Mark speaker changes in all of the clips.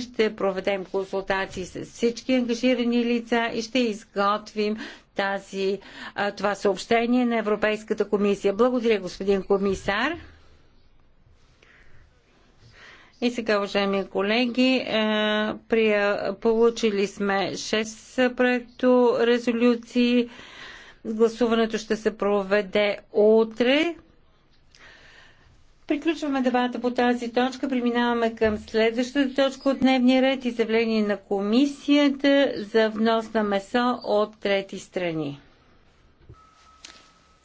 Speaker 1: Ще проведем консултации с всички ангажирани лица и ще изготвим тази, това съобщение на Европейската комисия. Благодаря, господин комисар. И сега, уважаеми колеги, получили сме 6 проекто резолюции. Гласуването ще се проведе утре. Приключваме дебата по тази точка. Преминаваме към следващата точка от дневния ред. Изявление на комисията за внос на месо от трети страни.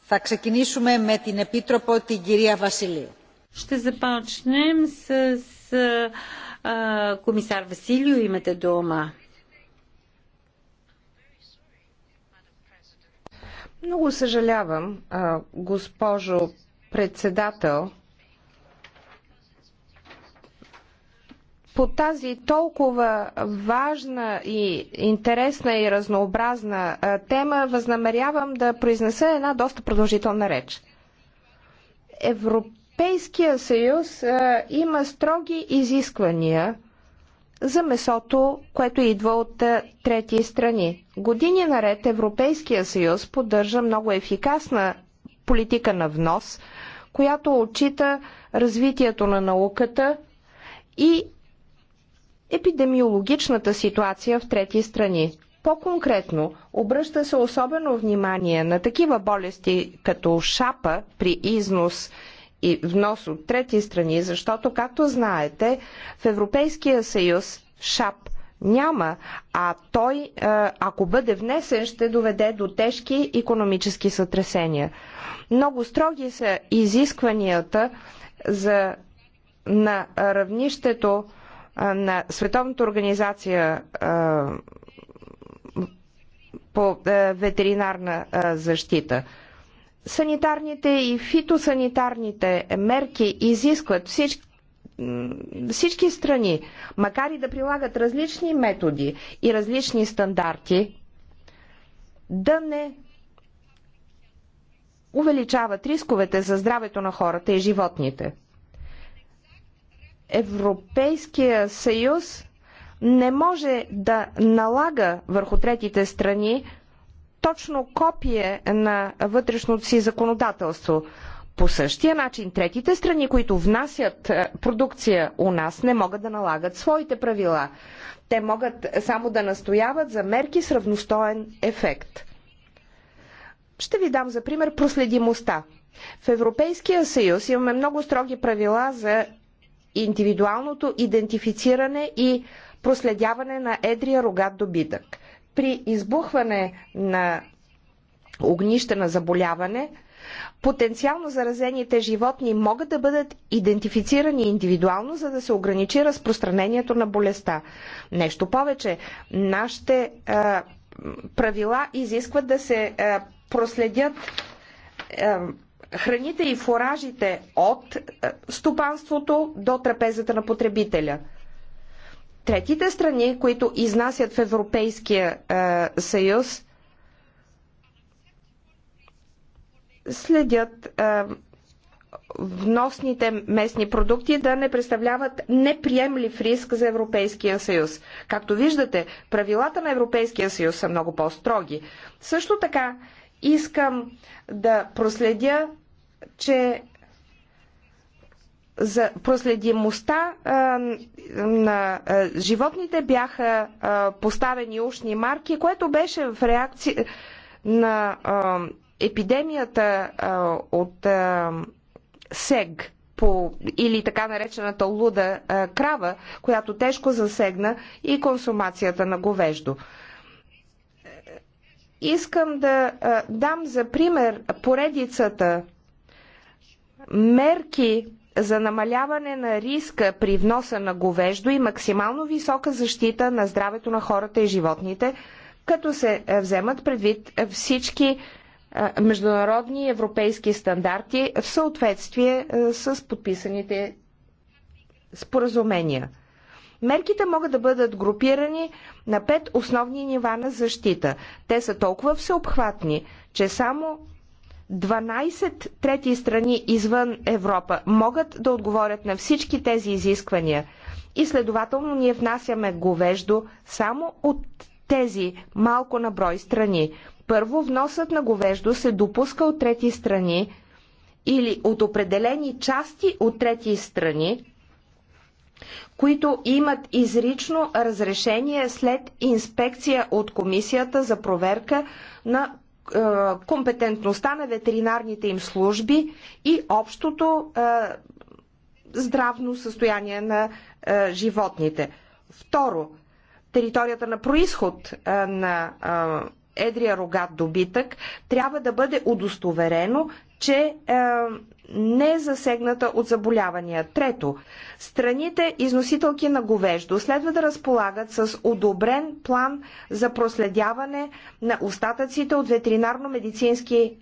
Speaker 1: Θα ξεκινήσουμε με την Επίτροπο την κυρία Βασιλείου. Ще започнем с, а, комисар
Speaker 2: Василио. Имате дома. Много съжалявам, госпожо председател, по тази толкова важна и интересна и разнообразна тема възнамерявам да произнеса една доста продължителна реч. Европейския съюз има строги изисквания за месото, което идва от трети страни. Години наред Европейския съюз поддържа много ефикасна политика на внос, която отчита развитието на науката и епидемиологичната ситуация в трети страни. По-конкретно, обръща се особено внимание на такива болести като шапа при износ и внос от трети страни, защото, както знаете, в Европейския съюз шап няма, а той, ако бъде внесен, ще доведе до тежки економически сътресения. Много строги са изискванията за, на равнището на Световната организация по ветеринарна защита. Санитарните и фитосанитарните мерки изискват всички всички страни, макар и да прилагат различни методи и различни стандарти, да не увеличават рисковете за здравето на хората и животните. Европейския съюз не може да налага върху третите страни точно копие на вътрешното си законодателство. По същия начин третите страни, които внасят е, продукция у нас, не могат да налагат своите правила. Те могат само да настояват за мерки с равностоен ефект. Ще ви дам за пример проследимостта. В Европейския съюз имаме много строги правила за индивидуалното идентифициране и проследяване на едрия рогат добитък. При избухване на огнище на заболяване, потенциално заразените животни могат да бъдат идентифицирани индивидуално, за да се ограничи разпространението на болестта. Нещо повече, нашите е, правила изискват да се е, проследят храните и фуражите от е, стопанството до трапезата на потребителя. Третите страни, които изнасят в Европейския е, съюз, следят е, вносните местни продукти да не представляват неприемлив риск за Европейския съюз. Както виждате, правилата на Европейския съюз са много по-строги. Също така искам да проследя че за проследимостта на животните бяха поставени ушни марки, което беше в реакция на епидемията от сег по, или така наречената луда крава, която тежко засегна и консумацията на говеждо. Искам да дам за пример поредицата мерки за намаляване на риска при вноса на говеждо и максимално висока защита на здравето на хората и животните, като се е, вземат предвид е, всички е, международни европейски стандарти в съответствие с подписаните споразумения. Мерките могат да бъдат групирани на пет основни нива на защита. Те са толкова всеобхватни, че само 12 трети страни извън Европа могат да отговорят на всички тези изисквания и следователно ние внасяме говеждо само от тези малко на брой страни. Първо, вносът на говеждо се допуска от трети страни или от определени части от трети страни, които имат изрично разрешение след инспекция от комисията за проверка на е, компетентността на ветеринарните им служби и общото е, здравно състояние на е, животните. Второ, територията на происход на едрия рогат добитък трябва да бъде удостоверено, че не е засегната от заболявания. Трето, страните износителки на говеждо следва да разполагат с одобрен план за проследяване на остатъците от ветеринарно-медицински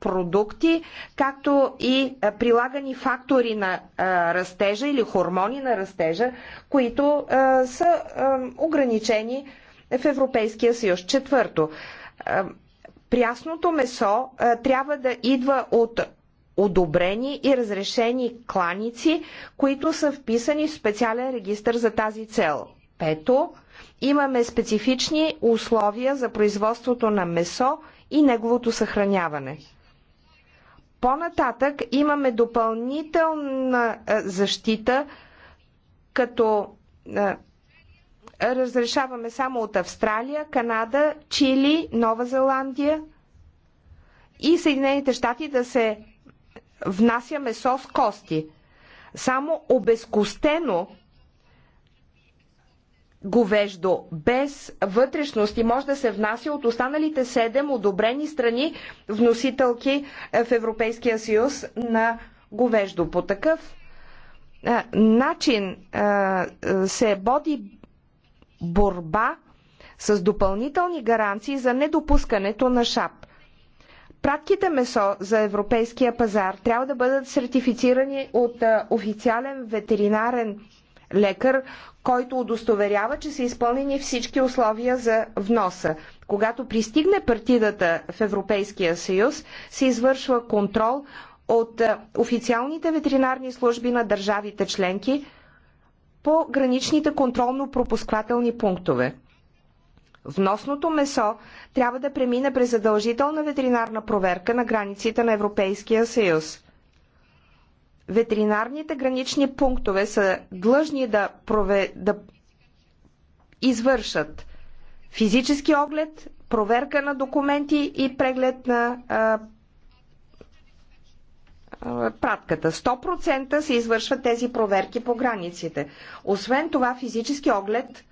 Speaker 2: продукти, както и прилагани фактори на растежа или хормони на растежа, които са ограничени в Европейския съюз. Четвърто, прясното месо трябва да идва от одобрени и разрешени кланици, които са вписани в специален регистр за тази цел. Пето, имаме специфични условия за производството на месо и неговото съхраняване. По-нататък имаме допълнителна защита, като разрешаваме само от Австралия, Канада, Чили, Нова Зеландия и Съединените щати да се внася месо с кости. Само обезкостено говеждо без вътрешности може да се внася от останалите седем одобрени страни вносителки в Европейския съюз на говеждо. По такъв а, начин а, се боди борба с допълнителни гаранции за недопускането на шап пратките месо за европейския пазар трябва да бъдат сертифицирани от официален ветеринарен лекар, който удостоверява, че са изпълнени всички условия за вноса. Когато пристигне партидата в Европейския съюз, се извършва контрол от официалните ветеринарни служби на държавите членки по граничните контролно-пропусквателни пунктове. Вносното месо трябва да премине през задължителна ветеринарна проверка на границите на Европейския съюз. Ветеринарните гранични пунктове са длъжни да, прове... да извършат физически оглед, проверка на документи и преглед на а, а, пратката. 100% се извършват тези проверки по границите. Освен това, физически оглед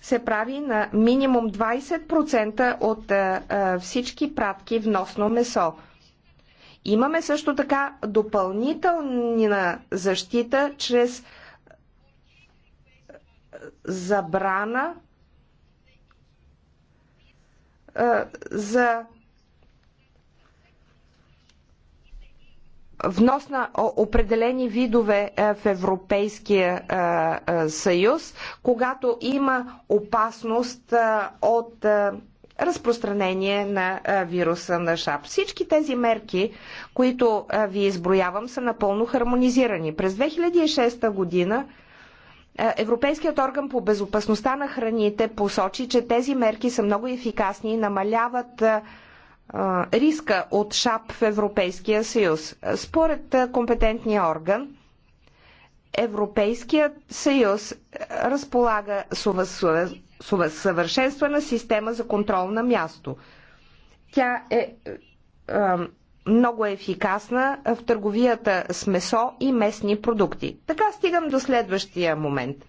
Speaker 2: се прави на минимум 20% от а, а, всички пратки вносно месо. Имаме също така допълнителна защита чрез забрана а, за внос на определени видове е, в Европейския е, е, съюз, когато има опасност от разпространение на вируса на ШАП. Всички тези мерки, които ви изброявам, са напълно хармонизирани. През 2006 година Европейският орган по безопасността на храните посочи, че тези мерки са много ефикасни и намаляват риска от ШАП в Европейския съюз. Според компетентния орган, Европейският съюз разполага с съвършенствана система за контрол на място. Тя е, е много ефикасна в търговията с месо и местни продукти. Така стигам до следващия момент –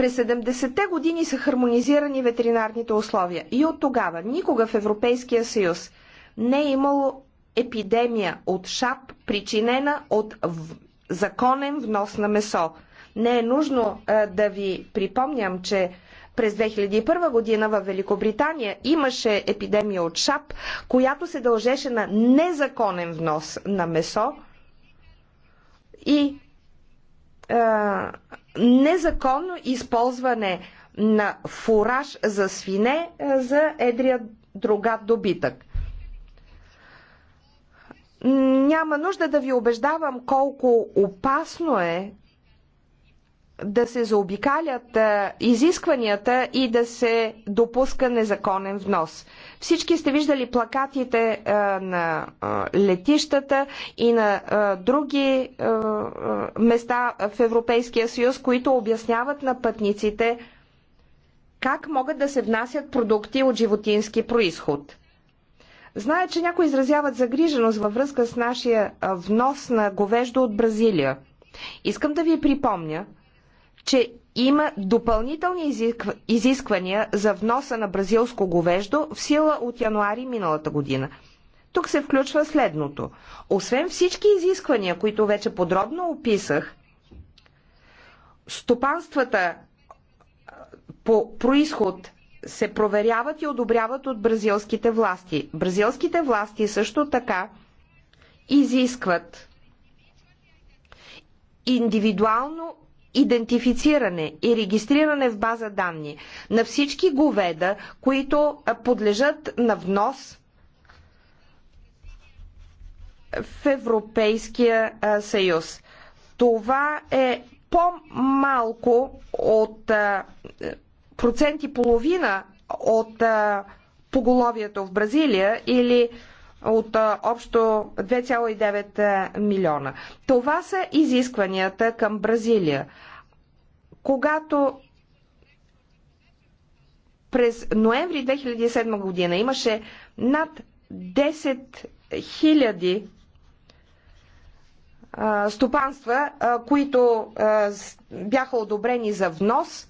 Speaker 2: през 70-те години са хармонизирани ветеринарните условия и от тогава никога в Европейския съюз не е имало епидемия от шап, причинена от законен внос на месо. Не е нужно а, е, да ви припомням, че през 2001 година в Великобритания имаше епидемия от шап, която се дължеше на незаконен внос на месо и а, е, незаконно използване на фураж за свине е, за едрия другат добитък. Няма нужда да ви убеждавам колко опасно е да се заобикалят изискванията и да се допуска незаконен внос. Всички сте виждали плакатите на летищата и на други места в Европейския съюз, които обясняват на пътниците как могат да се внасят продукти от животински происход. Зная, че някои изразяват загриженост във връзка с нашия внос на говеждо от Бразилия. Искам да ви припомня, че има допълнителни изисквания за вноса на бразилско говеждо в сила от януари миналата година. Тук се включва следното. Освен всички изисквания, които вече подробно описах, стопанствата по происход се проверяват и одобряват от бразилските власти. Бразилските власти също така изискват индивидуално идентифициране и регистриране в база данни на всички говеда, които подлежат на внос в Европейския съюз. Това е по-малко от процент и половина от поголовието в Бразилия или от общо 2,9 милиона. Това са изискванията към Бразилия. Когато през ноември 2007 година имаше над 10 хиляди стопанства, които бяха одобрени за внос,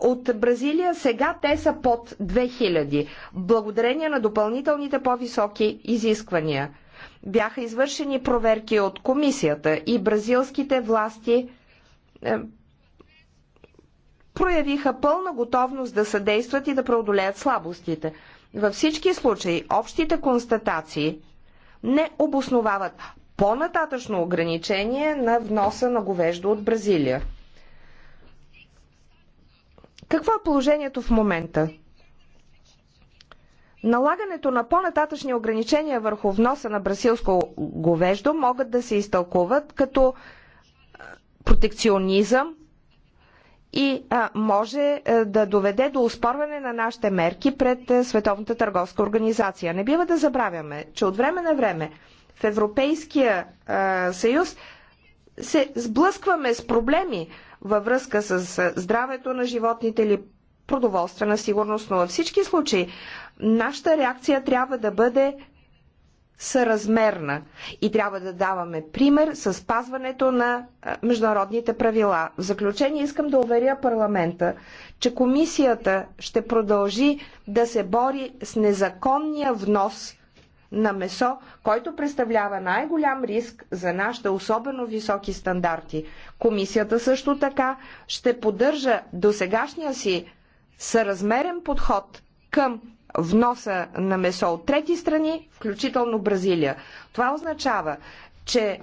Speaker 2: от Бразилия. Сега те са под 2000, благодарение на допълнителните по-високи изисквания. Бяха извършени проверки от комисията и бразилските власти е, проявиха пълна готовност да съдействат и да преодолеят слабостите. Във всички случаи общите констатации не обосновават по-нататъчно ограничение на вноса на говеждо от Бразилия. Какво е положението в момента? Налагането на по-нататъчни ограничения върху вноса на брасилско говеждо могат да се изтълкуват като протекционизъм и а, може а, е, да доведе до успорване на нашите мерки пред а, е, Световната търговска организация. Не бива да забравяме, че от време на време в Европейския а, съюз се сблъскваме с проблеми, във връзка с здравето на животните или продоволствена сигурност, но във всички случаи нашата реакция трябва да бъде съразмерна и трябва да даваме пример с пазването на международните правила. В заключение искам да уверя парламента, че комисията ще продължи да се бори с незаконния внос на месо, който представлява най-голям риск за нашите особено високи стандарти. Комисията също така ще поддържа досегашния си съразмерен подход към вноса на месо от трети страни, включително Бразилия. Това означава, че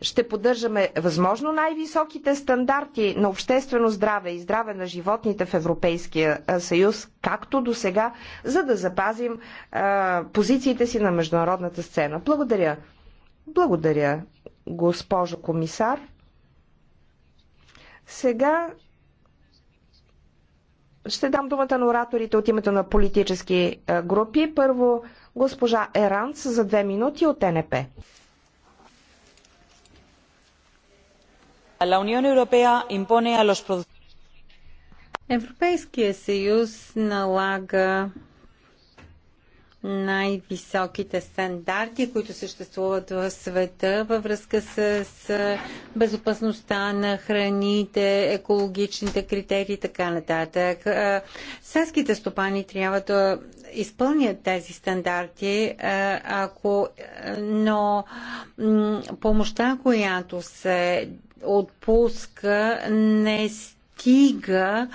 Speaker 2: ще поддържаме възможно най-високите стандарти на обществено здраве и здраве на животните в Европейския съюз, както до сега, за да запазим а, позициите си на международната сцена. Благодаря. Благодаря, госпожо комисар. Сега ще дам думата на ораторите от името на политически групи. Първо госпожа Еранц за две минути от НП.
Speaker 1: La Unión Europea impone a los productores. Европейския съюз налага най-високите стандарти, които съществуват в света във връзка с безопасността на храните, екологичните критерии и така нататък. Селските стопани трябва да изпълнят тези стандарти, ако, но помощта, която се отпуска не стига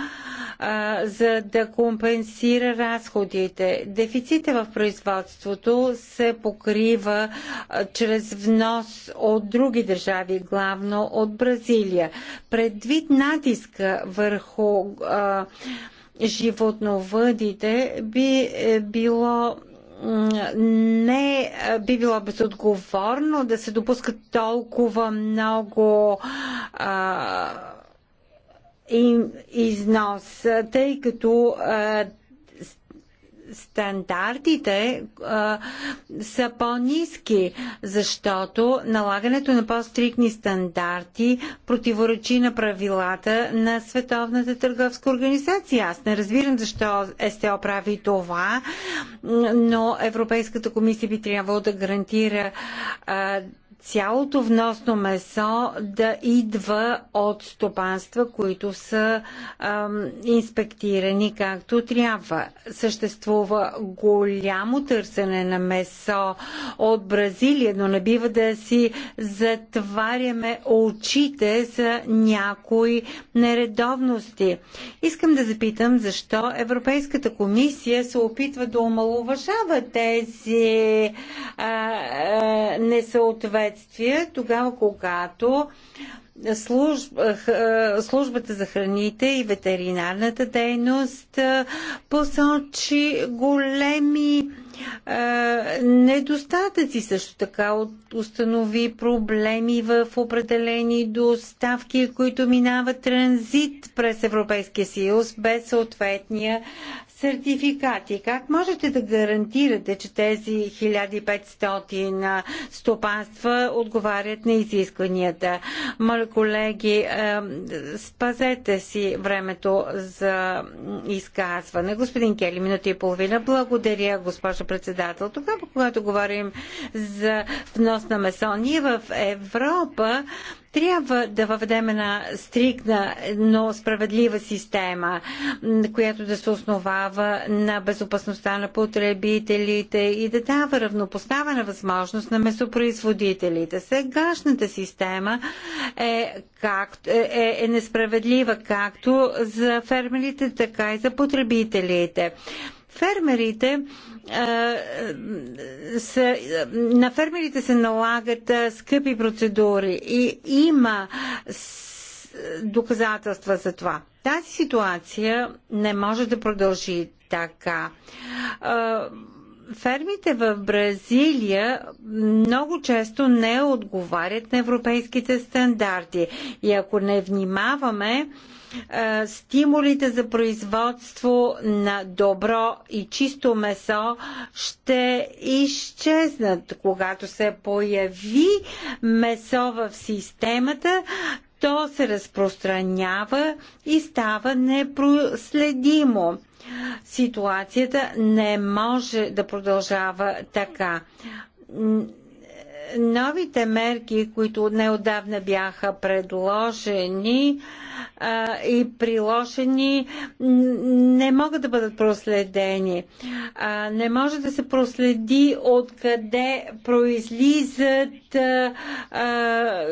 Speaker 1: а, за да компенсира разходите. Дефицита в производството се покрива а, чрез внос от други държави, главно от Бразилия. Предвид натиска върху а, животновъдите би е било не би било безотговорно да се допускат толкова много а, и, износ, тъй като а, стандартите а, са по-низки, защото налагането на по-стрикни стандарти противоречи на правилата на Световната търговска организация. Аз не разбирам защо СТО прави това, но Европейската комисия би трябвало да гарантира а, цялото вносно месо да идва от стопанства, които са ам, инспектирани както трябва. Съществува голямо търсене на месо от Бразилия, но не бива да си затваряме очите за някои нередовности. Искам да запитам защо Европейската комисия се опитва да омалуважава тези а, а, несъответствия последствия, тогава когато служб, службата за храните и ветеринарната дейност посочи големи е, недостатъци. Също така установи проблеми в определени доставки, които минават транзит през Европейския съюз без съответния сертификати. Как можете да гарантирате, че тези 1500 стопанства отговарят на изискванията? Моля, колеги, спазете си времето за изказване. Господин Кели, минута и половина. Благодаря, госпожа председател. Тогава, когато говорим за внос на месо, ние в Европа трябва да въведем една стрикна, но справедлива система, която да се основава на безопасността на потребителите и да дава равнопоставена възможност на месопроизводителите. Сегашната система е, как, е, е, е несправедлива както за фермерите, така и за потребителите. Фермерите е, са, на фермерите се налагат скъпи процедури и има доказателства за това. Тази ситуация не може да продължи така. Фермите в Бразилия много често не отговарят на европейските стандарти. И ако не внимаваме, е, стимулите за производство на добро и чисто месо ще изчезнат. Когато се появи месо в системата, то се разпространява и става непроследимо. Ситуацията не може да продължава така новите мерки, които неодавна бяха предложени а, и приложени, не могат да бъдат проследени. А, не може да се проследи откъде произлизат а,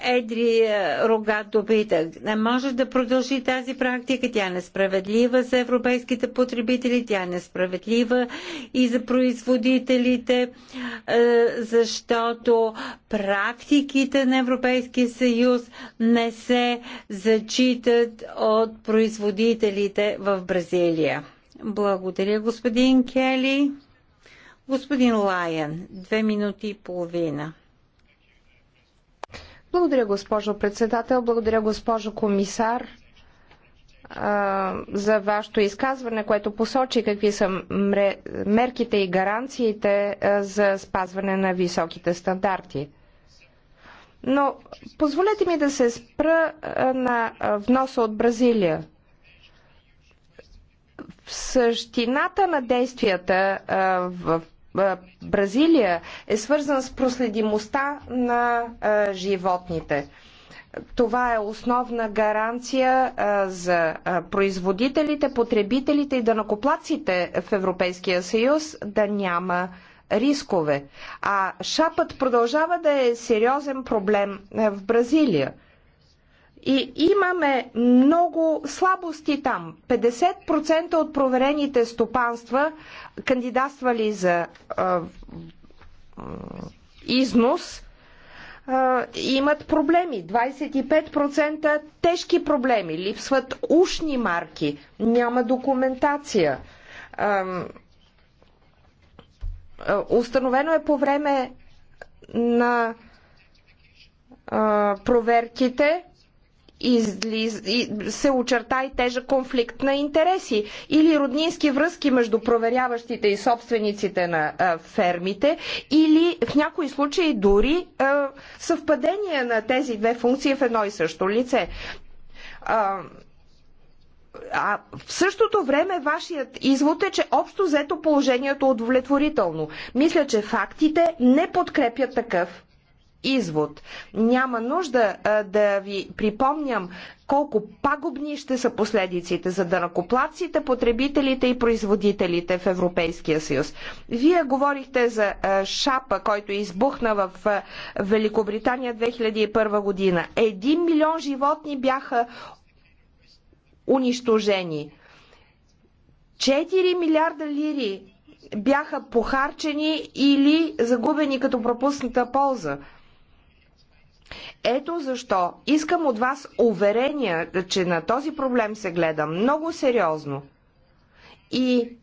Speaker 1: едри е, рогат добитък. Не може да продължи тази практика. Тя е несправедлива за европейските потребители, тя е несправедлива и за производителите, е, защото практиките на Европейския съюз не се зачитат от производителите в Бразилия. Благодаря, господин Кели. Господин Лайен, две минути и половина.
Speaker 2: Благодаря, госпожо председател. Благодаря, госпожо комисар, за вашето изказване, което посочи какви са мерките и гаранциите за спазване на високите стандарти. Но позволете ми да се спра на вноса от Бразилия. В същината на действията в е, Бразилия е свързан с проследимостта на е, животните. Това е основна гаранция е, за производителите, потребителите и данакоплаците в Европейския съюз да няма рискове. А шапът продължава да е сериозен проблем в Бразилия. И имаме много слабости там. 50% от проверените стопанства, кандидатствали за а, износ, а, имат проблеми. 25% тежки проблеми. Липсват ушни марки. Няма документация. А, установено е по време на проверките, излиз... се очерта и тежък конфликт на интереси или роднински връзки между проверяващите и собствениците на а, фермите или в някои случаи дори а, съвпадение на тези две функции в едно и също лице. А, а в същото време вашият извод е, че общо взето положението е удовлетворително. Мисля, че фактите не подкрепят такъв извод. Няма нужда а, да ви припомням колко пагубни ще са последиците за дънакоплаците, потребителите и производителите в Европейския съюз. Вие говорихте за а, шапа, който избухна в а, Великобритания 2001 година. Един милион животни бяха унищожени. 4 милиарда лири бяха похарчени или загубени като пропусната полза. Ето защо искам от вас уверения, че на този проблем се гледа много сериозно и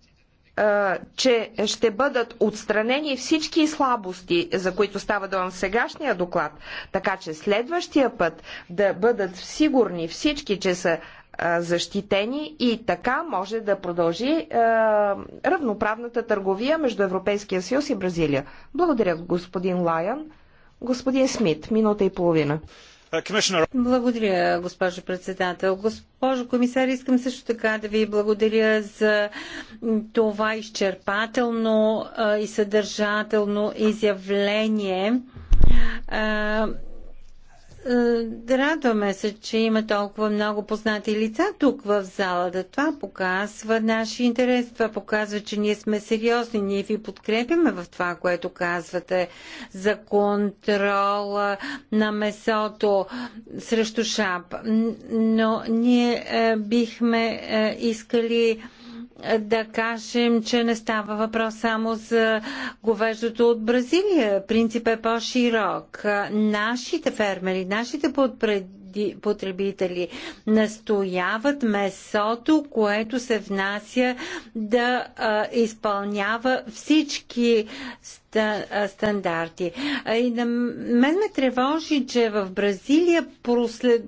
Speaker 2: а, че ще бъдат отстранени всички слабости, за които става да сегашния доклад, така че следващия път да бъдат сигурни всички, че са защитени и така може да продължи е, равноправната търговия между Европейския съюз и Бразилия. Благодаря, господин Лайан. Господин Смит, минута и половина. Uh, благодаря, госпожо
Speaker 1: председател. Госпожо комисар, искам също така да ви благодаря за това изчерпателно и съдържателно изявление е, радваме се, че има толкова много познати лица тук в залата. Това показва нашия интерес, това показва, че ние сме сериозни, ние ви подкрепяме в това, което казвате за контрол на месото срещу шап. Но ние е, бихме е, искали да кажем, че не става въпрос само за говеждото от Бразилия. Принцип е по-широк. Нашите фермери, нашите потребители настояват месото, което се внася да изпълнява всички стандарти. И на мен ме тревожи, че в Бразилия прослед,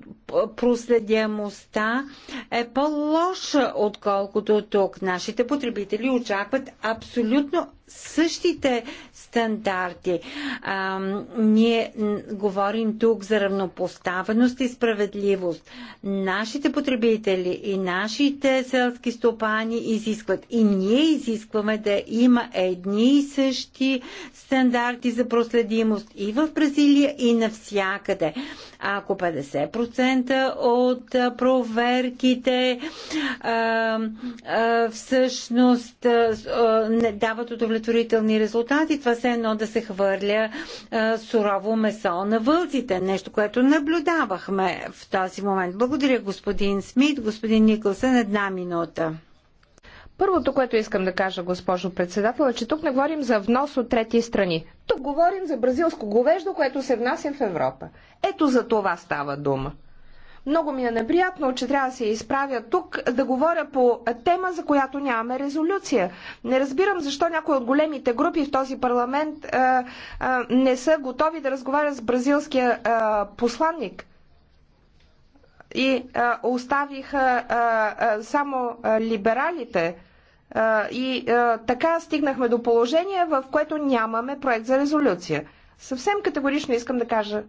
Speaker 1: проследяемостта е по-лоша, отколкото тук. Нашите потребители очакват абсолютно същите стандарти. А, ние говорим тук за равнопоставеност и справедливост. Нашите потребители и нашите селски стопани изискват и ние изискваме да има едни и същи стандарти за проследимост и в Бразилия, и навсякъде. Ако 50% от проверките а, а, всъщност а, не дават удовлетворителни резултати, това се едно да се хвърля а, сурово месо на вълците. Нещо, което наблюдавахме в този момент.
Speaker 2: Благодаря, господин Смит. Господин Николсън, една минута. Първото, което искам да кажа, госпожо председател, е, че тук не говорим за внос от трети страни. Тук говорим за бразилско говеждо, което се внася в Европа. Ето за това става дума. Много ми е неприятно, че трябва да се изправя тук да говоря по тема, за която нямаме резолюция. Не разбирам защо някои от големите групи в този парламент а, а, не са готови да разговарят с бразилския а, посланник и а, оставиха а, а, само а, либералите и така стигнахме до положение, в което нямаме проект за резолюция. Съвсем категорично искам да кажа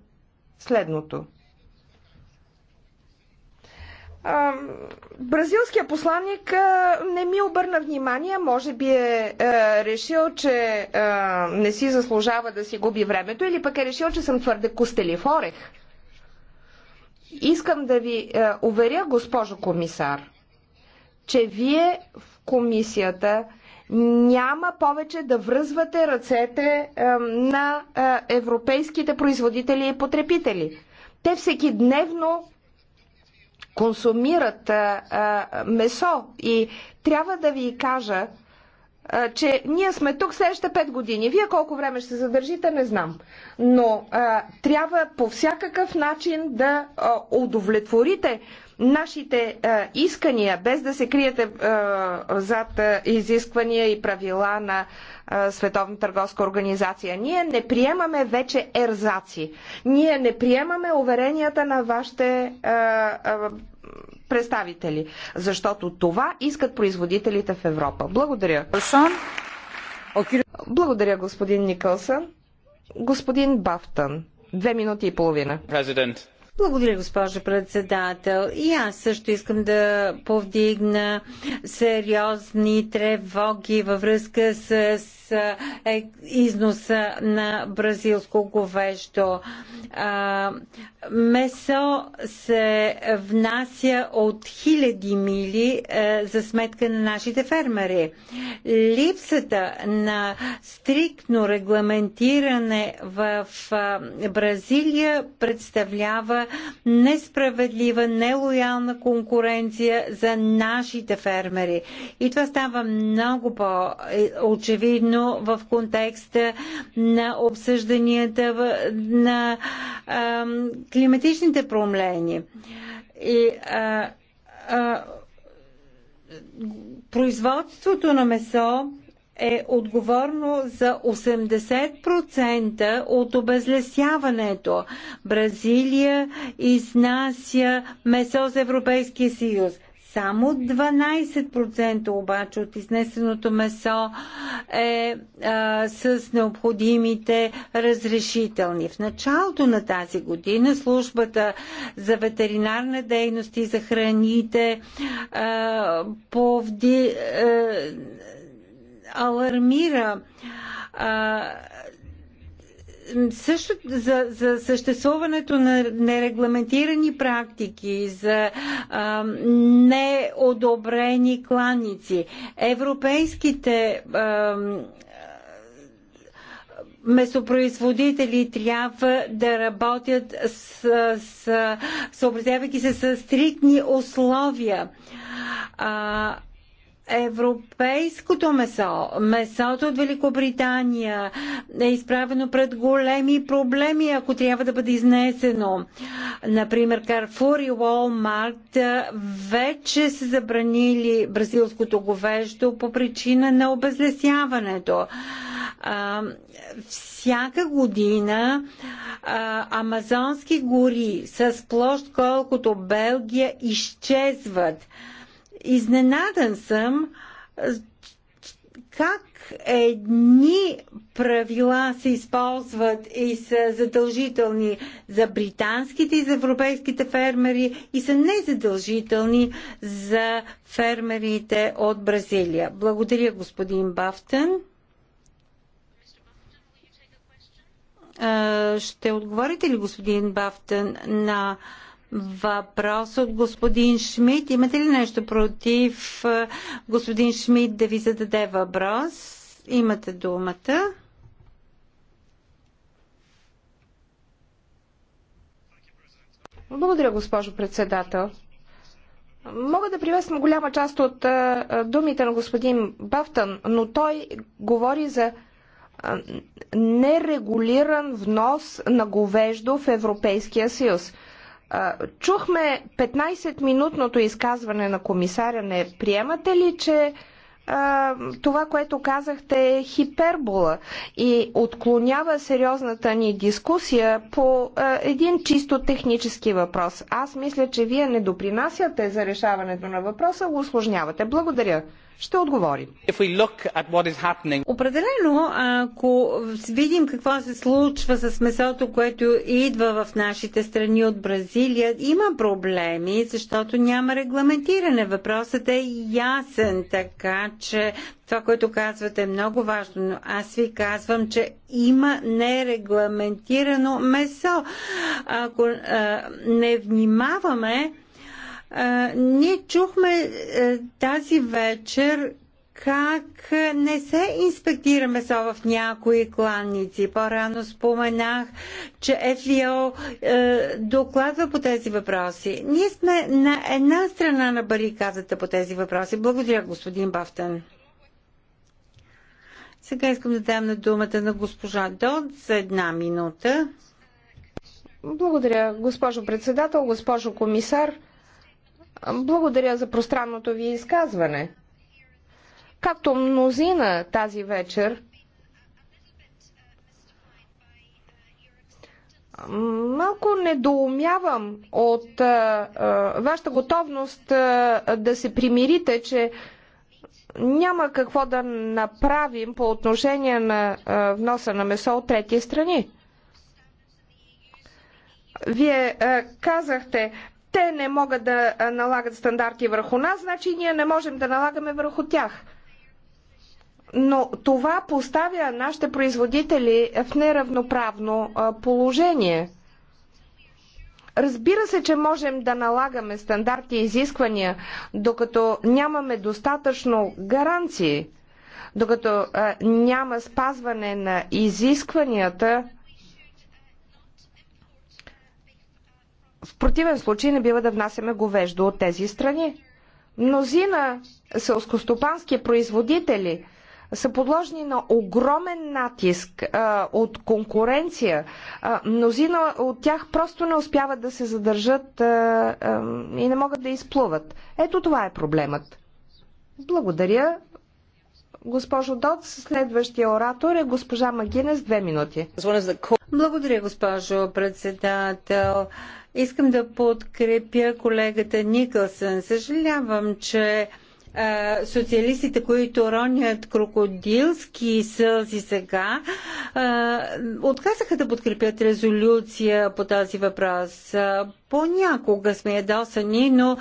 Speaker 2: следното. Бразилския посланник не ми обърна внимание, може би е, е решил, че не си заслужава да си губи времето или пък е решил, че съм твърде костелив орех. Искам да ви е, уверя, госпожо комисар, че вие в комисията няма повече да връзвате ръцете на е, европейските производители и потребители. Те всеки дневно консумират е, е, месо и трябва да ви кажа, че ние сме тук следващите 5 години. Вие колко време ще се задържите, не знам. Но е, трябва по всякакъв начин да е, удовлетворите нашите искания, без да се криете зад изисквания и правила на Световна търговска организация. Ние не приемаме вече ерзаци. Ние не приемаме уверенията на вашите представители, защото това искат производителите в Европа. Благодаря. Благодаря, господин Никълсън. Господин Бафтън, две минути и половина. Президент. Благодаря, госпожо председател.
Speaker 1: И аз също искам да повдигна сериозни тревоги във връзка с е, износа на бразилско говещо. Месо се внася от хиляди мили е, за сметка на нашите фермери. Липсата на стриктно регламентиране в Бразилия представлява несправедлива, нелоялна конкуренция за нашите фермери. И това става много по-очевидно в контекста на обсъжданията на климатичните промлени. И а, а, производството на месо е отговорно за 80% от обезлесяването. Бразилия изнася месо за Европейския съюз. Само 12% обаче от изнесеното месо е а, с необходимите разрешителни. В началото на тази година службата за ветеринарна дейност и за храните а, повди, а, алармира а, също за, за съществуването на нерегламентирани практики, за а, неодобрени кланици. Европейските а, месопроизводители трябва да работят с, с съобразявайки се с стриктни условия. А, Европейското месо, месото от Великобритания е изправено пред големи проблеми, ако трябва да бъде изнесено. Например, Carrefour и Walmart вече са забранили бразилското говеждо по причина на обезлесяването. всяка година а, амазонски гори с площ колкото Белгия изчезват. Изненадан съм как едни правила се използват и са задължителни за британските и за европейските фермери и са незадължителни за фермерите от Бразилия. Благодаря, господин Бафтън. Ще отговорите ли, господин Бафтън, на въпрос от господин Шмидт. Имате ли нещо против е, господин Шмидт да ви зададе въпрос? Имате думата.
Speaker 2: Благодаря, госпожо председател. Мога да приветствам голяма част от е, думите на господин Бафтън, но той говори за е, нерегулиран внос на говеждо в Европейския съюз. Чухме 15-минутното изказване на комисаря. Не приемате ли, че това, което казахте е хипербола и отклонява сериозната ни дискусия по един чисто технически въпрос. Аз мисля, че вие не допринасяте за решаването на въпроса, го осложнявате. Благодаря ще отговорим.
Speaker 1: Определено, ако видим какво се случва с месото, което идва в нашите страни от Бразилия, има проблеми, защото няма регламентиране. Въпросът е ясен, така че това, което казвате е много важно, но аз ви казвам, че има нерегламентирано месо. Ако а, не внимаваме, ние чухме е, тази вечер как не се инспектира месо в някои кланници. По-рано споменах, че ФИО е, докладва по тези въпроси. Ние сме на една страна на барикадата по тези въпроси. Благодаря, господин Бафтен. Сега искам да дам на думата на госпожа Дод за една минута.
Speaker 2: Благодаря, госпожо председател, госпожо комисар. Благодаря за пространното ви изказване. Както мнозина тази вечер, малко недоумявам от а, а, вашата готовност а, да се примирите, че няма какво да направим по отношение на а, вноса на месо от трети страни. Вие а, казахте, те не могат да налагат стандарти върху нас, значи ние не можем да налагаме върху тях. Но това поставя нашите производители в неравноправно положение. Разбира се, че можем да налагаме стандарти и изисквания, докато нямаме достатъчно гаранции, докато а, няма спазване на изискванията В противен случай не бива да внасяме говеждо от тези страни. Мнозина селскостопански производители са подложни на огромен натиск а, от конкуренция. А, мнозина от тях просто не успяват да се задържат а, а, и не могат да изплуват. Ето това е проблемът. Благодаря. Госпожо Доц, следващия оратор е госпожа Магинес, две минути.
Speaker 1: Благодаря, госпожо председател. Искам да подкрепя колегата Никълсън. Съжалявам, че а, социалистите, които ронят крокодилски сълзи сега, а, отказаха да подкрепят резолюция по този въпрос. Понякога сме ядосани, но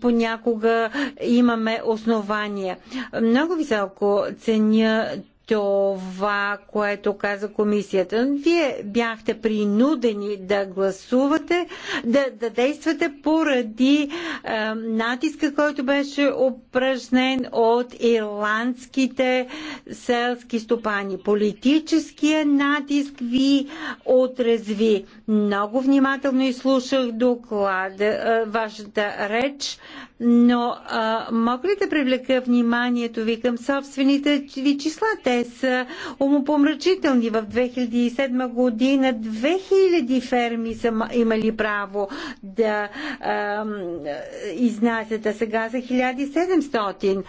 Speaker 1: понякога имаме основания. Много високо ценя това, което каза комисията. Вие бяхте принудени да гласувате, да, да действате поради е, натиска, който беше упражнен от ирландските селски стопани. Политическия натиск ви отрезви. Много внимателно изслушах доклада, е, вашата реч, но е, мога ли да привлека вниманието ви към собствените ви числа? Те е, са умопомрачителни. В 2007 година 2000 ферми са имали право да а, е, изнасят, а сега за 1700.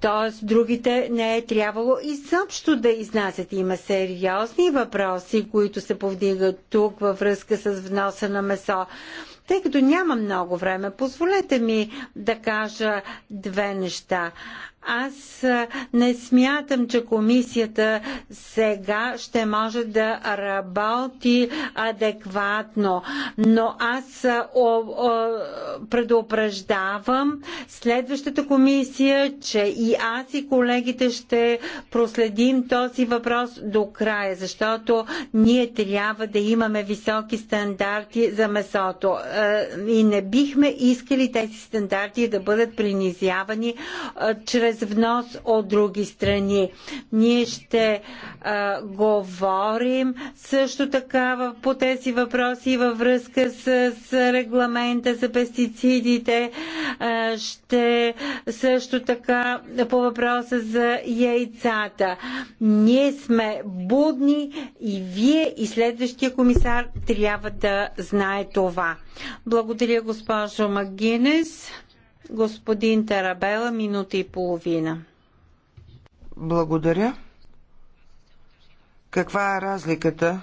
Speaker 1: Т.е. другите не е трябвало изобщо да изнасят. Има сериозни въпроси, които се повдигат тук във връзка с вноса на месо. Тъй като няма много време, позволете ми да кажа две неща. Аз не смятам, че комисията сега ще може да работи адекватно, но аз предупреждавам следващата комисия, че и аз и колегите ще проследим този въпрос до края, защото ние трябва да имаме високи стандарти за месото и не бихме искали тези стандарти да бъдат принизявани чрез чрез внос от други страни. Ние ще а, говорим също така по тези въпроси във връзка с, с регламента за пестицидите. А, ще също така по въпроса за яйцата. Ние сме будни и вие и следващия комисар трябва да знае това. Благодаря, госпожо Магинес. Господин Тарабела, минута и половина.
Speaker 3: Благодаря. Каква е разликата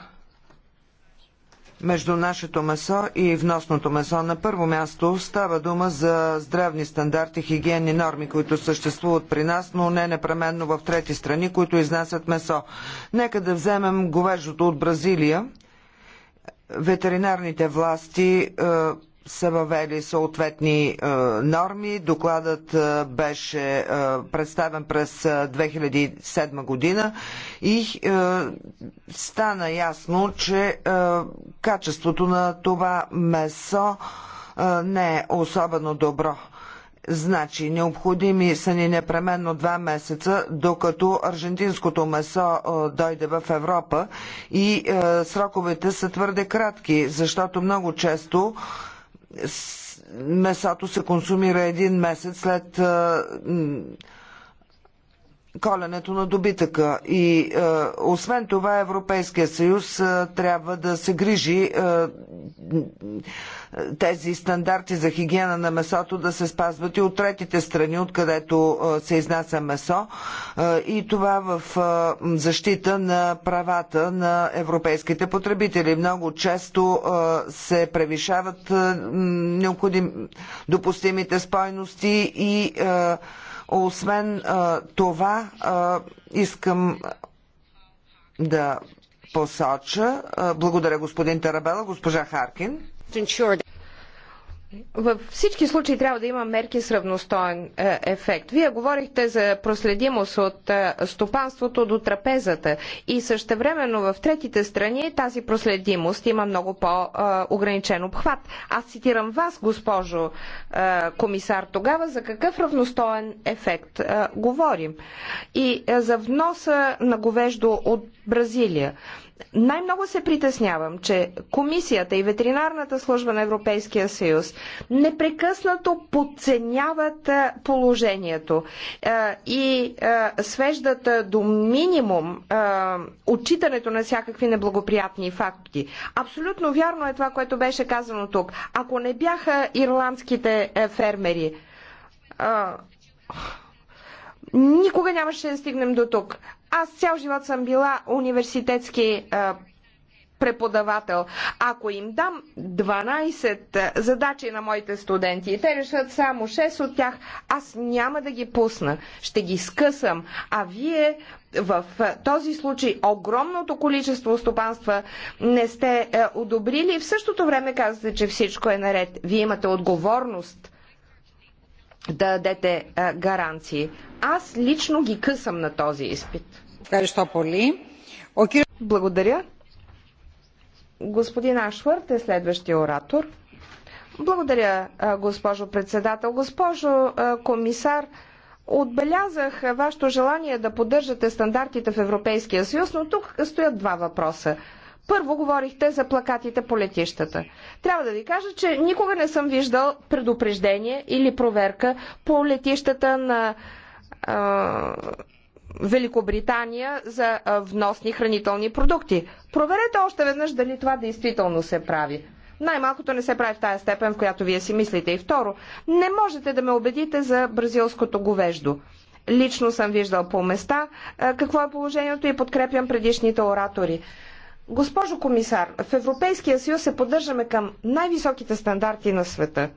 Speaker 3: между нашето месо и вносното месо. На първо място става дума за здравни стандарти, хигиенни норми, които съществуват при нас, но не непременно в трети страни, които изнасят месо. Нека да вземем говеждото от Бразилия. Ветеринарните власти е, са въвели съответни е, норми. Докладът е, беше е, представен през 2007 е, година и е, стана ясно, че е, качеството на това месо не е особено добро. Значи, необходими са ни непременно два месеца, докато аржентинското месо дойде в Европа и сроковете са твърде кратки, защото много често месото се консумира един месец след коленето на добитъка. И е, освен това Европейския съюз е, трябва да се грижи е, тези стандарти за хигиена на месото да се спазват и от третите страни, откъдето е, се изнася месо. Е, и това в е, защита на правата на европейските потребители. Много често е, се превишават е, необходим, допустимите спойности и е, освен това, искам да посоча, благодаря господин Тарабела, госпожа Харкин. Във всички
Speaker 2: случаи трябва да има мерки с равностоен е, ефект. Вие говорихте за проследимост от е, стопанството до трапезата и същевременно в третите страни тази проследимост има много по-ограничен обхват. Аз цитирам вас, госпожо е, комисар, тогава за какъв равностоен ефект говорим. И за вноса на говеждо от Бразилия най-много се притеснявам, че комисията и ветеринарната служба на Европейския съюз непрекъснато подценяват положението и свеждат до минимум отчитането на всякакви неблагоприятни факти. Абсолютно вярно е това, което беше казано тук. Ако не бяха ирландските фермери, никога нямаше да стигнем до тук. Аз цял живот съм била университетски а, е, преподавател. Ако им дам 12 е, задачи на моите студенти и те решат само 6 от тях, аз няма да ги пусна. Ще ги скъсам. А вие в е, този случай огромното количество стопанства не сте а, одобрили и в същото време казвате, че всичко е наред. Вие имате отговорност да дадете гаранции. Аз лично ги късам на този изпит. Благодаря. Господин Ашвард е следващия оратор. Благодаря, госпожо председател. Госпожо комисар, отбелязах вашето желание да поддържате стандартите в Европейския съюз, но тук стоят два въпроса. Първо говорихте за плакатите по летищата. Трябва да ви кажа, че никога не съм виждал предупреждение или проверка по летищата на Великобритания за вносни хранителни продукти. Проверете още веднъж дали това действително се прави. Най-малкото не се прави в тая степен, в която вие си мислите. И второ, не можете да ме убедите за бразилското говеждо. Лично съм виждал по места какво е положението и подкрепям предишните оратори. Госпожо комисар, в Европейския съюз се поддържаме към най-високите стандарти на света.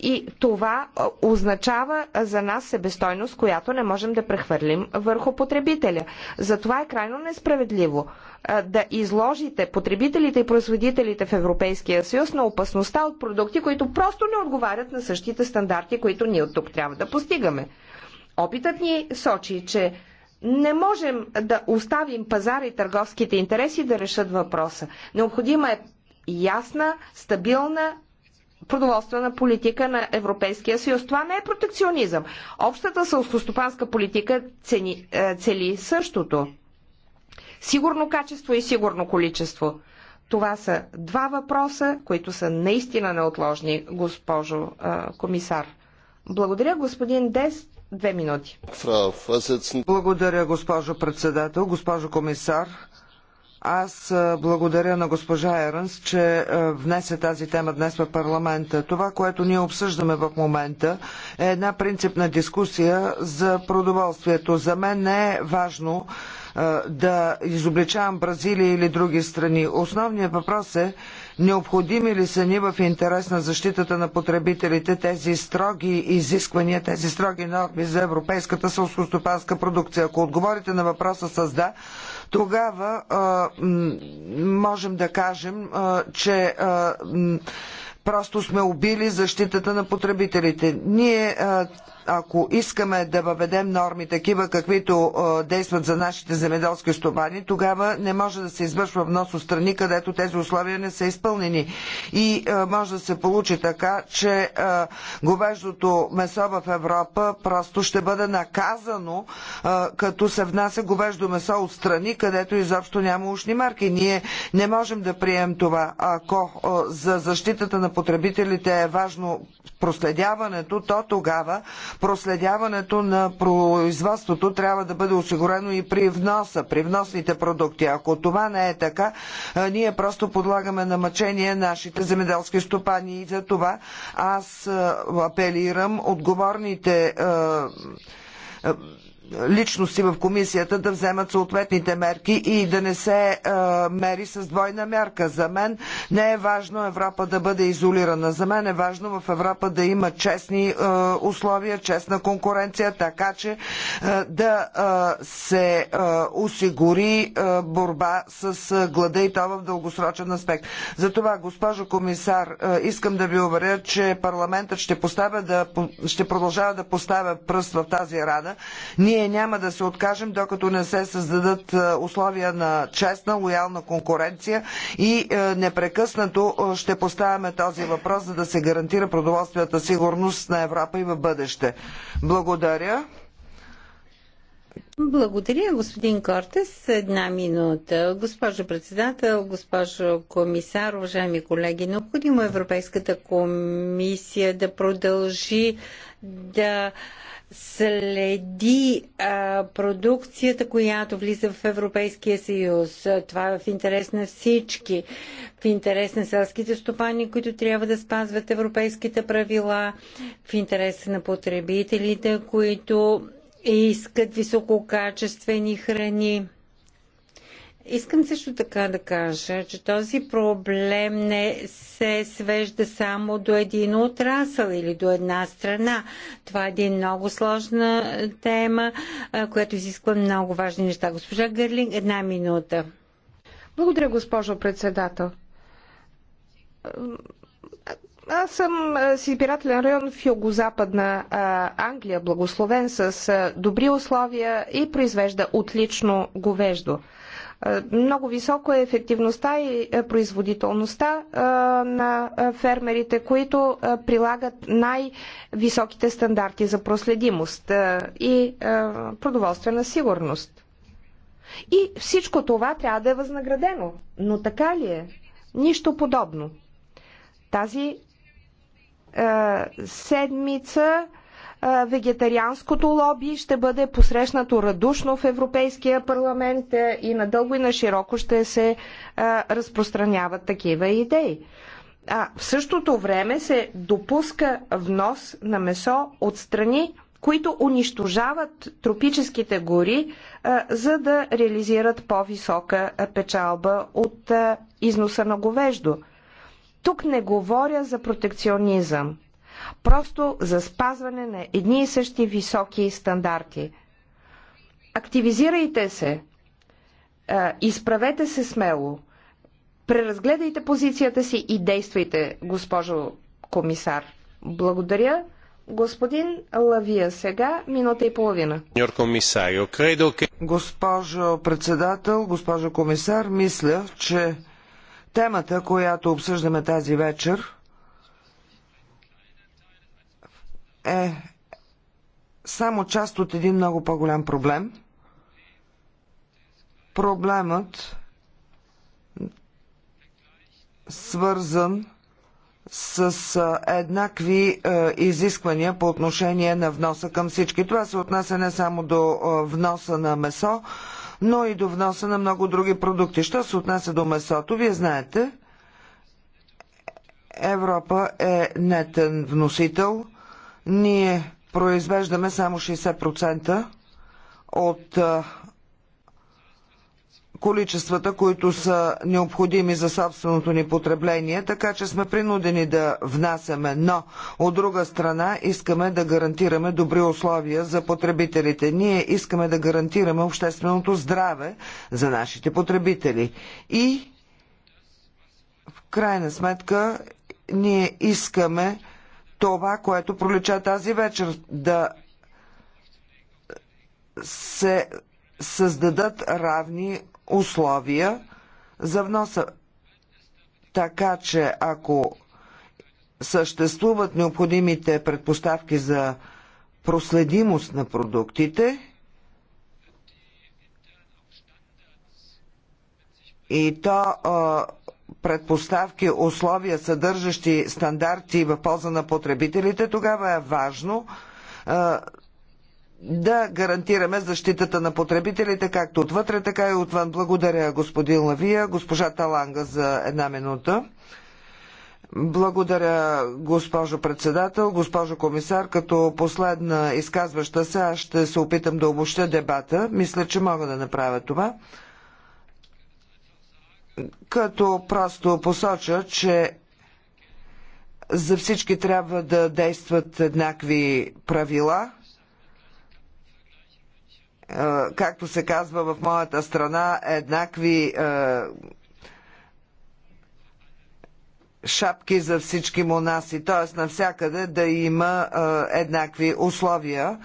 Speaker 2: И това означава за нас себестойност, която не можем да прехвърлим върху потребителя. Затова е крайно несправедливо да изложите потребителите и производителите в Европейския съюз на опасността от продукти, които просто не отговарят на същите стандарти, които ние от тук трябва да постигаме. Опитът ни сочи, че не можем да оставим пазара и търговските интереси да решат въпроса. Необходима е ясна, стабилна продоволствена политика на Европейския съюз. Това не е протекционизъм. Общата сълскостопанска политика цени, е, цели същото. Сигурно качество и сигурно количество. Това са два въпроса, които са наистина неотложни, госпожо е, комисар. Благодаря, господин Дес. Две минути.
Speaker 3: Благодаря, госпожо председател, госпожо комисар. Аз благодаря на госпожа Ерънс, че внесе тази тема днес в парламента. Това, което ние обсъждаме в момента е една принципна дискусия за продоволствието. За мен не е важно да изобличавам Бразилия или други страни. Основният въпрос е необходими ли са ни в интерес на защитата на потребителите тези строги изисквания, тези строги норми за европейската селскостопанска продукция. Ако отговорите на въпроса с да, тогава можем да кажем, че просто сме убили защитата на потребителите. Ние ако искаме да въведем норми такива, каквито действат за нашите земеделски стопани, тогава не може да се извършва внос от страни, където тези условия не са изпълнени. И може да се получи така, че говеждото месо в Европа просто ще бъде наказано, като се внася говеждо месо от страни, където изобщо няма ушни марки. Ние не можем да приемем това. Ако за защитата на потребителите е важно проследяването, то тогава проследяването на производството трябва да бъде осигурено и при вноса, при вносните продукти. Ако това не е така, ние просто подлагаме на мъчение нашите земеделски стопани и за това аз апелирам отговорните личности в комисията да вземат съответните мерки и да не се е, мери с двойна мярка. За мен не е важно Европа да бъде изолирана. За мен е важно в Европа да има честни е, условия, честна конкуренция, така че е, да е, се е, осигури е, борба с глада и това в дългосрочен аспект. Затова, госпожо комисар, искам да ви уверя, че парламентът ще, поставя да, ще продължава да поставя пръст в тази рана. Ние ние няма да се откажем, докато не се създадат е, условия на честна, лоялна конкуренция и е, непрекъснато е, ще поставяме този въпрос, за да се гарантира продоволствената сигурност на Европа и в бъдеще. Благодаря.
Speaker 1: Благодаря, господин Кортес. Една минута. Госпожо председател, госпожо комисар, уважаеми колеги, необходимо Европейската комисия да продължи да следи а, продукцията, която влиза в Европейския съюз. Това е в интерес на всички, в интерес на селските стопани, които трябва да спазват европейските правила, в интерес на потребителите, които искат висококачествени храни. Искам също така да кажа, че този проблем не се свежда само до един отрасъл или до една страна. Това е един много сложна тема, която изисква много важни неща. Госпожа Гърлинг, една минута. Благодаря, госпожо
Speaker 2: председател. Аз съм с избирателен район в югозападна Англия, благословен с добри условия и произвежда отлично говеждо. Е, много високо е ефективността и е, производителността е, на фермерите, които прилагат най-високите стандарти за проследимост и продоволствена сигурност. И всичко това трябва да е възнаградено. Но така ли е? Нищо подобно. Тази е, седмица вегетарианското лоби ще бъде посрещнато радушно в Европейския парламент е, и надълго и на широко ще се разпространяват такива идеи. А в същото време се допуска внос на месо от страни, които унищожават тропическите гори, за да реализират по-висока печалба от износа на говеждо. Тук не говоря за протекционизъм просто за спазване на едни и същи високи стандарти. Активизирайте се, е, изправете се смело, преразгледайте позицията си и действайте, госпожо комисар. Благодаря. Господин Лавия, сега минута и половина.
Speaker 3: Госпожо председател, госпожо комисар, мисля, че темата, която обсъждаме тази вечер, е само част от един много по-голям проблем. Проблемът свързан с еднакви изисквания по отношение на вноса към всички. Това се отнася не само до вноса на месо, но и до вноса на много други продукти. Що се отнася до месото, вие знаете, Европа е нетен вносител ние произвеждаме само 60% от количествата, които са необходими за собственото ни потребление, така че сме принудени да внасяме, но от друга страна искаме да гарантираме добри условия за потребителите. Ние искаме да гарантираме общественото здраве за нашите потребители. И в крайна сметка ние искаме това, което пролича тази вечер. Да се създадат равни условия за вноса. Така че ако съществуват необходимите предпоставки за проследимост на продуктите и то а, предпоставки, условия, съдържащи стандарти в полза на потребителите, тогава е важно да гарантираме защитата на потребителите, както отвътре, така и отвън. Благодаря, господин Лавия. Госпожа Таланга за една минута. Благодаря, госпожо председател, госпожо комисар. Като последна изказваща се, аз ще се опитам да обобща дебата. Мисля, че мога да направя това като просто посоча, че за всички трябва да действат еднакви правила. Е, както се казва в моята страна, еднакви е, шапки за всички монаси, т.е. навсякъде да има е, еднакви условия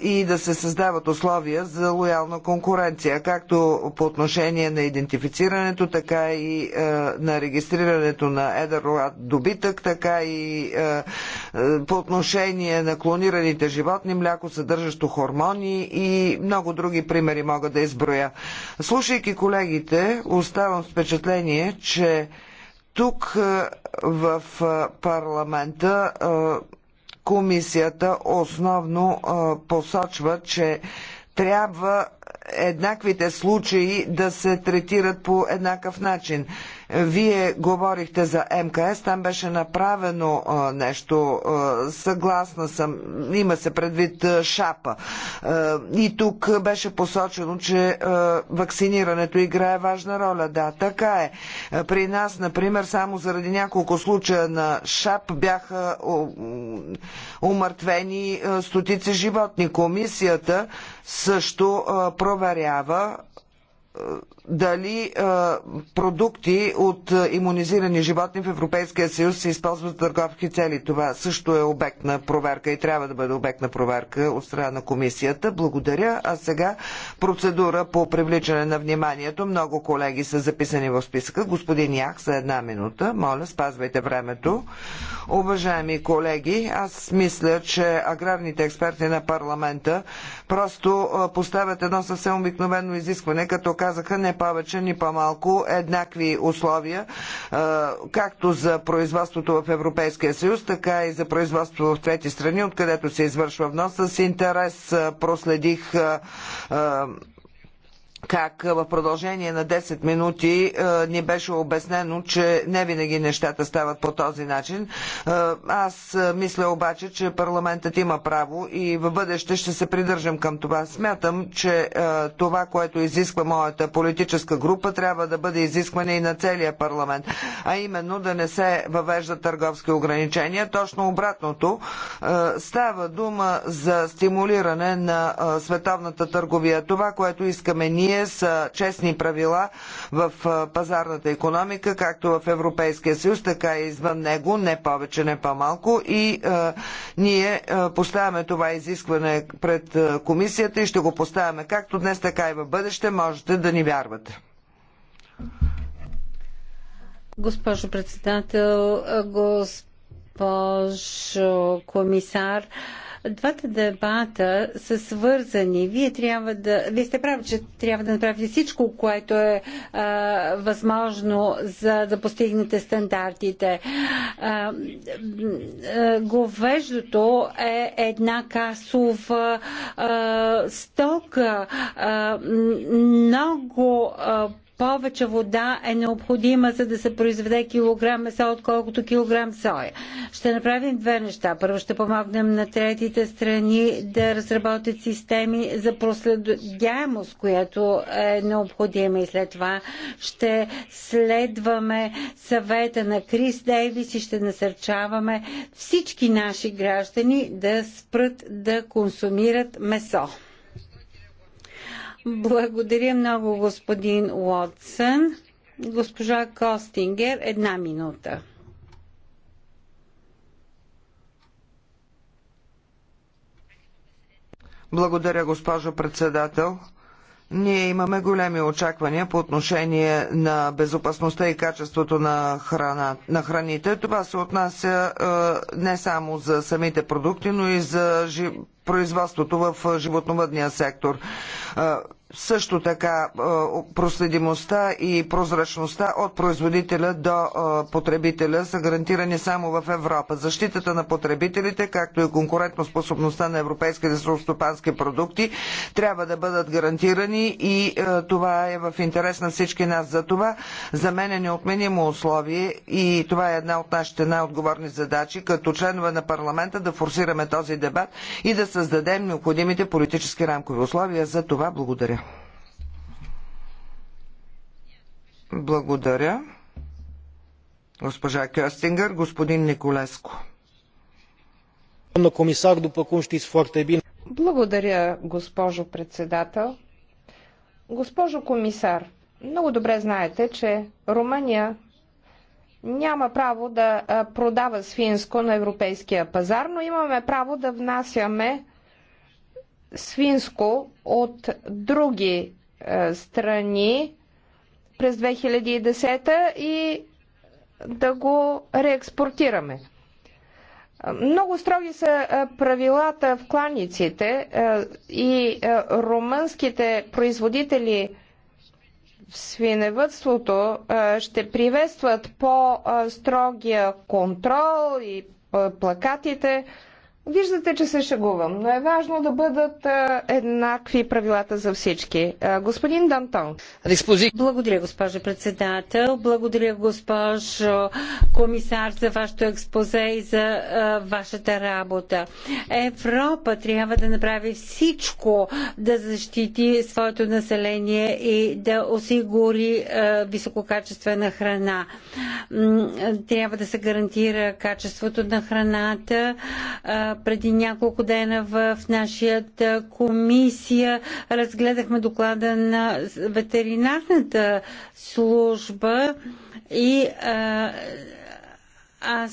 Speaker 3: и да се създават условия за лоялна конкуренция, както по отношение на идентифицирането, така и на регистрирането на едър добитък, така и по отношение на клонираните животни, мляко съдържащо хормони и много други примери мога да изброя. Слушайки колегите, оставам с впечатление, че тук в парламента комисията основно посочва, че трябва еднаквите случаи да се третират по еднакъв начин. Вие говорихте за МКС, там беше направено нещо. Съгласна съм, има се предвид шапа. И тук беше посочено, че вакцинирането играе важна роля. Да, така е. При нас, например, само заради няколко случая на шап бяха умъртвени стотици животни. Комисията също проверява дали продукти от иммунизирани животни в Европейския съюз се използват за търговски цели. Това също е обект на проверка и трябва да бъде обект на проверка от страна на комисията. Благодаря. А сега процедура по привличане на вниманието. Много колеги са записани в списъка. Господин Ях за една минута. Моля, спазвайте времето. Уважаеми колеги, аз мисля, че аграрните експерти на парламента просто поставят едно съвсем обикновено изискване, като казаха не повече, ни по-малко, еднакви условия, както за производството в Европейския съюз, така и за производство в трети страни, откъдето се извършва внос. С интерес проследих как в продължение на 10 минути ни беше обяснено, че не винаги нещата стават по този начин. Аз мисля обаче, че парламентът има право и в бъдеще ще се придържам към това. Смятам, че това, което изисква моята политическа група, трябва да бъде изискване и на целия парламент, а именно да не се въвеждат търговски ограничения. Точно обратното става дума за стимулиране на световната търговия. Това, което искаме ние отношение са честни правила в пазарната економика, както в Европейския съюз, така и извън него, не повече, не по-малко. И ние поставяме това изискване пред комисията и ще го поставяме както днес, така и в бъдеще. Можете да ни вярвате.
Speaker 1: Госпожо председател, госпожо комисар, Двата дебата са свързани. Вие трябва да. Вие сте прави, че трябва да направите всичко, което е а, възможно, за да постигнете стандартите. А, а, говеждото е една касова а, стока. А, много а, повече вода е необходима, за да се произведе килограм месо, отколкото килограм соя. Ще направим две неща. Първо ще помогнем на третите страни да разработят системи за проследяемост, която е необходима и след това ще следваме съвета на Крис Дейвис и ще насърчаваме всички наши граждани да спрат да консумират месо. Благодаря много, господин Уотсън. Госпожа Костингер, една минута.
Speaker 3: Благодаря, госпожо председател. Ние имаме големи очаквания по отношение на безопасността и качеството на, храна, на храните. Това се отнася е, не само за самите продукти, но и за жи, производството в животновъдния сектор. Е, също така е, проследимостта и прозрачността от производителя до е, потребителя са гарантирани само в Европа. Защитата на потребителите, както и конкурентоспособността на европейските селскостопански продукти трябва да бъдат гарантирани и е, това е в интерес на всички нас. За това за мен е неотменимо условие и това е една от нашите най-отговорни задачи като членове на парламента да форсираме този дебат и да създадем необходимите политически рамкови условия. За това благодаря. Благодаря. Госпожа Кьостингър, господин Николеско.
Speaker 2: Благодаря, госпожо председател. Госпожо комисар, много добре знаете, че Румъния няма право да продава свинско на европейския пазар, но имаме право да внасяме свинско от други страни, през 2010 и да го реекспортираме. Много строги са правилата в кланиците и румънските производители в свиневътството ще приветстват по-строгия контрол и плакатите. Виждате, че се шегувам, но е важно да бъдат еднакви правилата за всички. господин Дантон. Благодаря, госпожо председател. Благодаря,
Speaker 1: госпожо комисар, за вашето експозе и за вашата работа. Европа трябва да направи всичко да защити своето население и да осигури висококачествена храна. трябва да се гарантира качеството на храната преди няколко дена в нашата комисия разгледахме доклада на ветеринарната служба и а, аз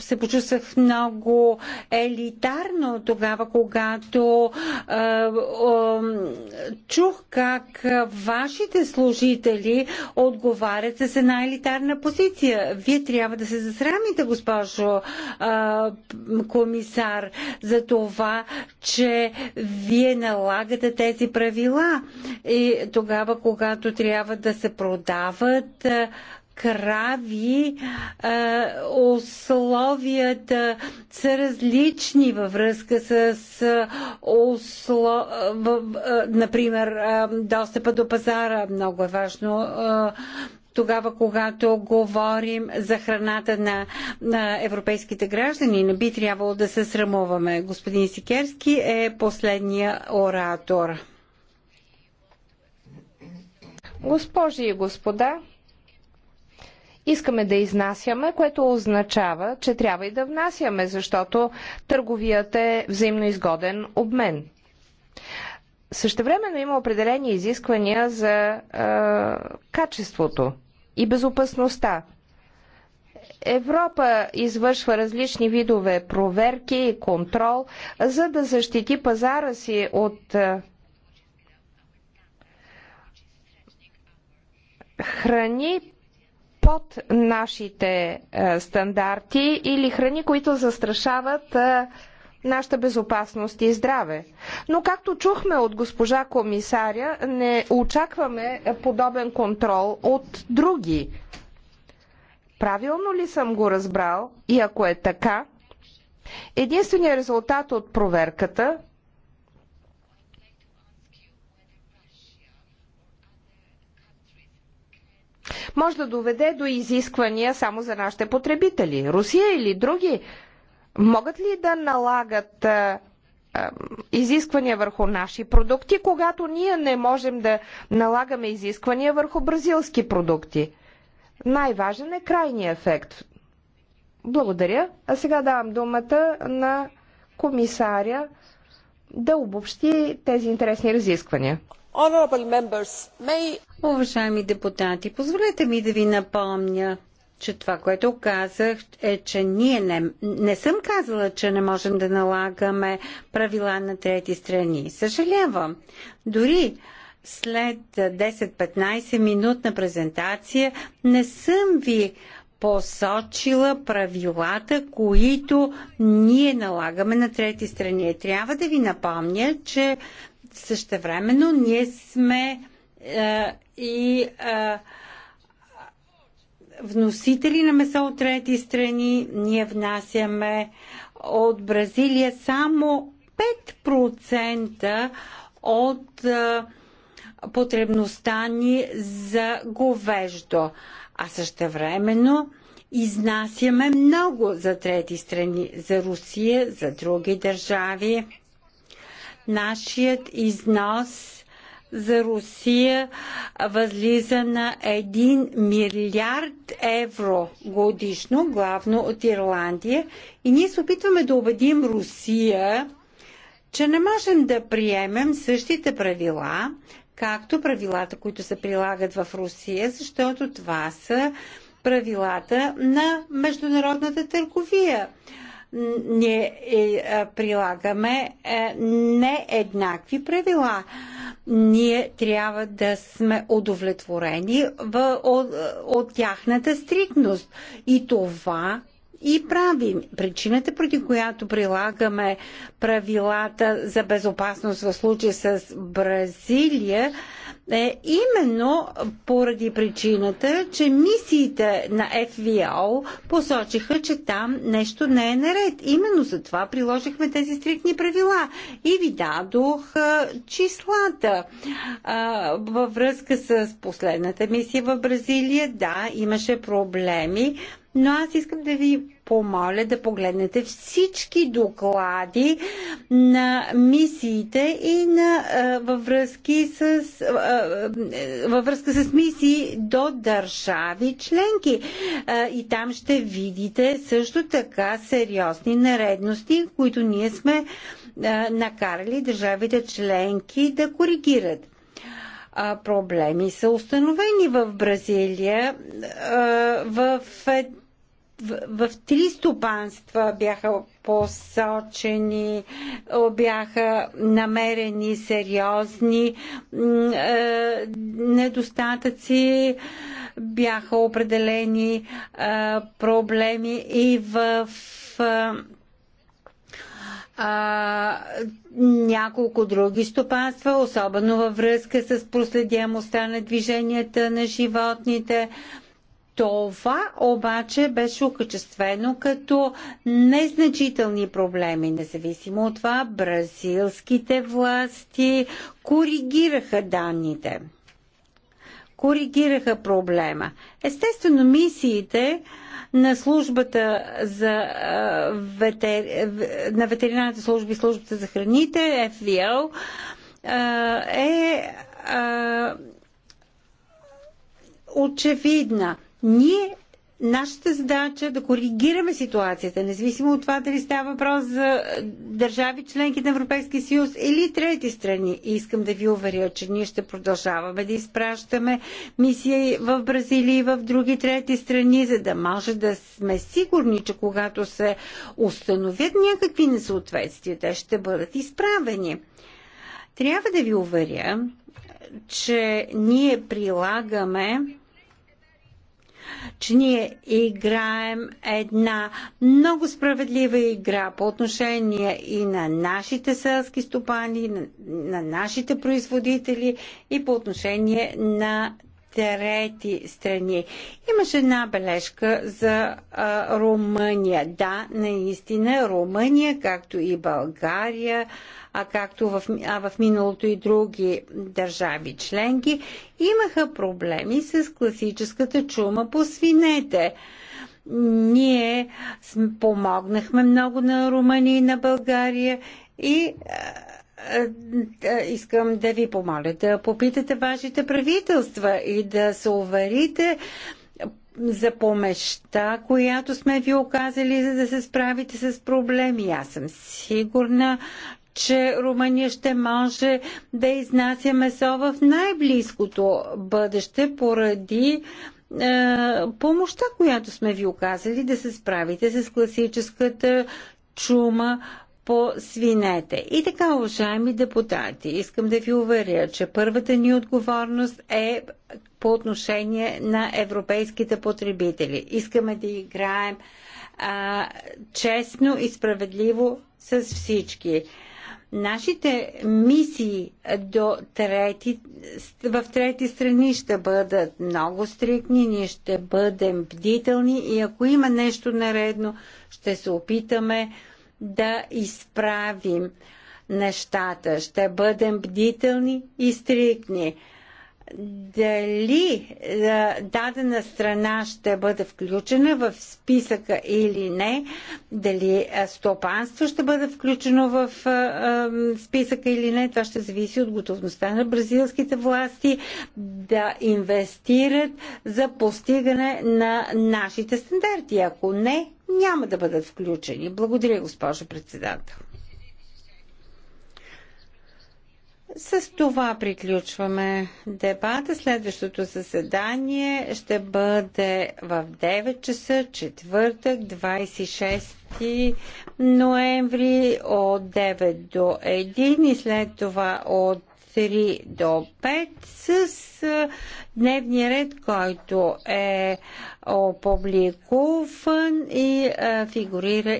Speaker 1: се почувствах много елитарно тогава, когато е, е, чух как вашите служители отговарят с една елитарна позиция. Вие трябва да се засрамите, госпожо е, комисар, за това, че вие налагате тези правила. И тогава, когато трябва да се продават. Е, крави, условията са различни във връзка с, усло... например, достъпа до пазара. Много е важно тогава, когато говорим за храната на, на европейските граждани. Не би трябвало да се срамуваме. Господин Сикерски е последния оратор.
Speaker 2: Госпожи и господа, искаме да изнасяме, което означава, че трябва и да внасяме, защото търговията е взаимно изгоден обмен. Същевременно има определени изисквания за е, качеството и безопасността. Европа извършва различни видове проверки и контрол, за да защити пазара си от е, храни, под нашите е, стандарти или храни, които застрашават е, нашата безопасност и здраве. Но както чухме от госпожа комисаря, не очакваме подобен контрол от други. Правилно ли съм го разбрал? И ако е така, единственият резултат от проверката може да доведе до изисквания само за нашите потребители. Русия или други могат ли да налагат а, а, изисквания върху наши продукти, когато ние не можем да налагаме изисквания върху бразилски продукти? Най-важен е крайният ефект. Благодаря. А сега давам думата на комисаря да обобщи тези интересни разисквания.
Speaker 1: Уважаеми депутати, позволете ми да ви напомня, че това, което казах, е, че ние не, не съм казала, че не можем да налагаме правила на трети страни. Съжалявам. Дори след 10-15 минутна презентация не съм ви посочила правилата, които ние налагаме на трети страни. Трябва да ви напомня, че Същевременно ние сме е, и е, вносители на месо от трети страни. Ние внасяме от Бразилия само 5% от е, потребността ни за говеждо. А същевременно изнасяме много за трети страни, за Русия, за други държави. Нашият износ за Русия възлиза на 1 милиард евро годишно, главно от Ирландия. И ние се опитваме да убедим Русия, че не можем да приемем същите правила, както правилата, които се прилагат в Русия, защото това са правилата на международната търговия ние е, прилагаме е, не еднакви правила. Ние трябва да сме удовлетворени от, от тяхната стрикност. И това и правим. Причината, преди която прилагаме правилата за безопасност в случай с Бразилия, е именно поради причината, че мисиите на FVO посочиха, че там нещо не е наред. Именно за това приложихме тези стриктни правила и ви дадох а, числата а, във връзка с последната мисия в Бразилия. Да, имаше проблеми, но аз искам да ви помоля да погледнете всички доклади на мисиите и на, а, във, връзки с, а, във връзка с мисии до държави членки. А, и там ще видите също така сериозни наредности, които ние сме а, накарали държавите членки да коригират проблеми са установени в Бразилия в в, в три стопанства бяха посочени, бяха намерени сериозни е, недостатъци, бяха определени е, проблеми и в. Е, а, няколко други стопанства, особено във връзка с проследяемостта на движенията на животните. А, това обаче беше окачествено като незначителни проблеми. Независимо от това, бразилските власти коригираха данните. Коригираха проблема. Естествено, мисиите на службата за ветер... на служба и службата за храните, FVL, е очевидна. Ние Нашата задача е да коригираме ситуацията, независимо от това дали става въпрос за държави членки на Европейския съюз или трети страни. И искам да ви уверя, че ние ще продължаваме да изпращаме мисии в Бразилия и в други трети страни, за да може да сме сигурни, че когато се установят някакви несъответствия, те ще бъдат изправени. Трябва да ви уверя, че ние прилагаме че ние играем една много справедлива игра по отношение и на нашите селски стопани, на, на нашите производители и по отношение на трети страни. Имаше една бележка за а, Румъния. Да, наистина Румъния, както и България, а както в, а в миналото и други държави членки, имаха проблеми с класическата чума по свинете ние помогнахме много на Румъния и на България и е, е, искам да ви помоля да попитате вашите правителства и да се уверите за помеща, която сме ви оказали, за да се справите с проблеми. Аз съм сигурна, че Румъния ще може да изнася месо в най-близкото бъдеще поради е, помощта, която сме ви оказали да се справите с класическата чума по свинете. И така, уважаеми депутати, искам да ви уверя, че първата ни отговорност е по отношение на европейските потребители. Искаме да играем а, честно и справедливо с всички. Нашите мисии до трети, в трети страни ще бъдат много стрикни, ние ще бъдем бдителни и ако има нещо наредно, ще се опитаме да изправим нещата. Ще бъдем бдителни и стриктни. Дали е, дадена страна ще бъде включена в списъка или не, дали е, стопанство ще бъде включено в е, списъка или не, това ще зависи от готовността на бразилските власти да инвестират за постигане на нашите стандарти. Ако не, няма да бъдат включени. Благодаря, госпожо председател. С това приключваме дебата. Следващото заседание ще бъде в 9 часа, четвъртък, 26 ноември от 9 до 1 и след това от 3 до 5 с дневния ред, който е опубликуван и фигурира